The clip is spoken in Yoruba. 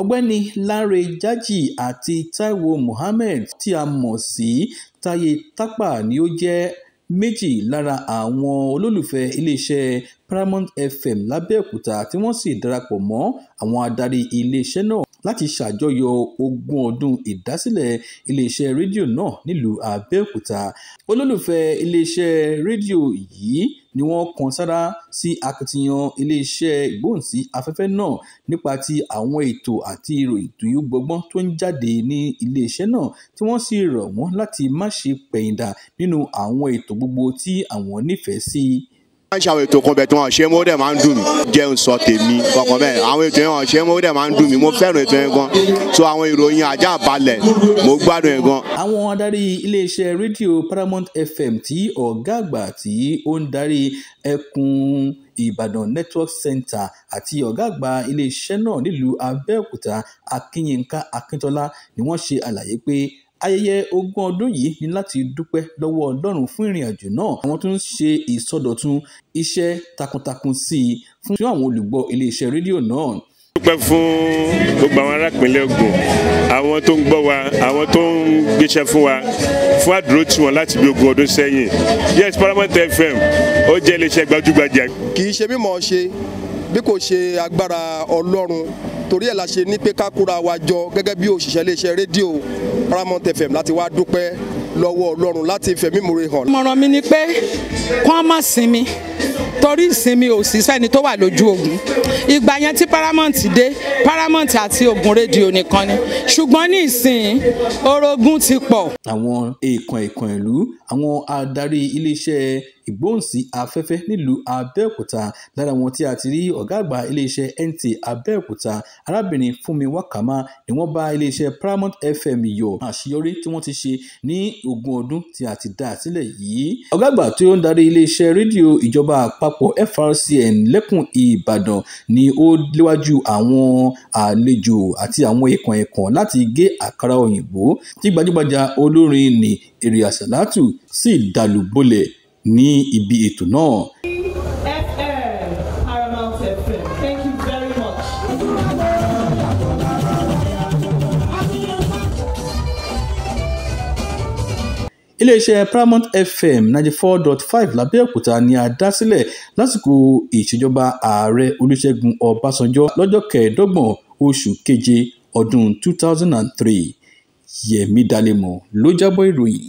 ọ̀gbẹ́ni Lanre Jaji àti Taiwo Mohammed tí a mọ̀ sí Taye Tápà ni ó jẹ́ méjì lára àwọn olólùfẹ́ iléeṣẹ́ Paramount FM lábẹ́òkúta tí wọ́n sì darapọ̀ mọ́ àwọn adarí iléeṣẹ́ náà láti ṣàjọyọ̀ ogún ọdún ìdásílẹ̀ iléeṣẹ́ rédíò náà nílùú Abẹ́òkúta olólùfẹ́ iléeṣẹ́ rédíò yìí ni wọ́n kan sára sí akitiyan iléeṣẹ́ ìgbóhùnsí afẹ́fẹ́ náà nípa ti àwọn ètò àti ìròyìn tó yóò gbọ́gbọ́n tó ń jáde ní iléeṣẹ́ náà tí wọ́n sì rọ̀ wọ́n láti má ṣe pẹ̀yìndà nínú àwọn ètò gbogbo tí àwọn nífẹ̀ẹ́ sí máa ń ṣàwọn ètò kan bẹ̀ tí wọ́n dẹ̀ máa ń dùn mí jẹun sọ tèmi kọ̀ọ̀kan bẹ́ẹ̀ àwọn ètò yẹn wọ́n ṣe dẹ̀ máa ń dùn mí mo fẹ́ràn ètò yẹn gan so àwọn ìròyìn ajá balẹ̀ mo gbádùn yẹn gan. àwọn adarí iléeṣẹ́ rédíò Paramount FM tí ọ̀gá àgbà tí ó ń darí ẹkùn Ìbàdàn Network Center àti ọ̀gá àgbà iléeṣẹ́ náà nílùú Abẹ́òkúta Akínyínká Akíntọ́lá ni wọ́n ṣe àlàyé pé Ayẹyẹ ogún ọdún yìí ni láti dúpẹ́ lọ́wọ́ Ọlọ́run fún ìrìn àjò náà. Àwọn tó ń ṣe ìsọdọ̀tun iṣẹ́ takuntakun sí i fún àwọn olùgbọ́ iléeṣẹ́ rédíò náà dúpẹ́ fún gbogbo àwọn arápínlẹ̀ Ògùn àwọn tó ń gbọ́ wa àwọn tó ń gbéṣẹ́ fún wa fún àdúró tí wọn láti bí ogún ọdún sẹ́yìn yes Paramount FM ó jẹ́ iléeṣẹ́ gbajúgbajà. kì í ṣe mímọ̀ ṣe bí kò ṣe agbára ọlọ́run torí ẹ̀ la ṣe ní pé ká kóra wa jọ gẹ́gẹ́ bí òṣìṣẹ́ iléeṣẹ́ rédíò Paramount FM láti wá dúpẹ́ lọ́wọ́ ọlọ́run láti fẹ̀mí ìmoore hàn. ìmọ̀ràn mi ni pé kí wọ́n sinmi torí ìsinmi ò sí sẹ́ni tó wà lójú ogun ìgbà yẹn tí paramount dé paramount àti ogun rédíò nìkan ni ṣùgbọ́n ní ìsìn orogún ti pọ̀. àwọn èèkàn èèkàn ìlú àwọn adarí iléeṣẹ́ ìgbóhùnsí afẹ́fẹ́ nílùú abẹ́òkúta lára wọn tí a ti rí ọ̀gá àgbà iléeṣẹ́ NTA abẹ́òkúta arábìnrin fúnmi wákàmá ni wọ́n bá iléeṣẹ́ Paramount FM yọ̀ àṣeyọrí tí wọ́n ti ṣe ní ogún ọdún tí a ti dá sílẹ̀ yìí. ọ̀gá àgbà tí ó ń darí iléeṣẹ́ rédíò ìjọba ìjọba àpapọ̀ FRCN lẹ́kùn Ìbàdàn ni ó léwájú àwọn àlejò àti àwọn ìkàn ẹ̀kàn láti gé àkàrà òyìnbó tí gbajúgbajà olórin ní Èrè Àsàlátù sì dàlù bolẹ̀ ní ibi ètò náà iléeṣẹ́ Paramount FM ninety four dot five lábẹ́òkúta ni a dá sílẹ̀ lásìkò ìṣèjọba ààrẹ Olúṣẹ́gun Ọbásanjọ́ lọ́jọ́ kẹẹ̀ẹ́dọ́gbọ̀n oṣù keje ọdún two thousand and three Yẹ̀mí Dalẹ́mọ̀ ló jábọ̀ ìròyìn.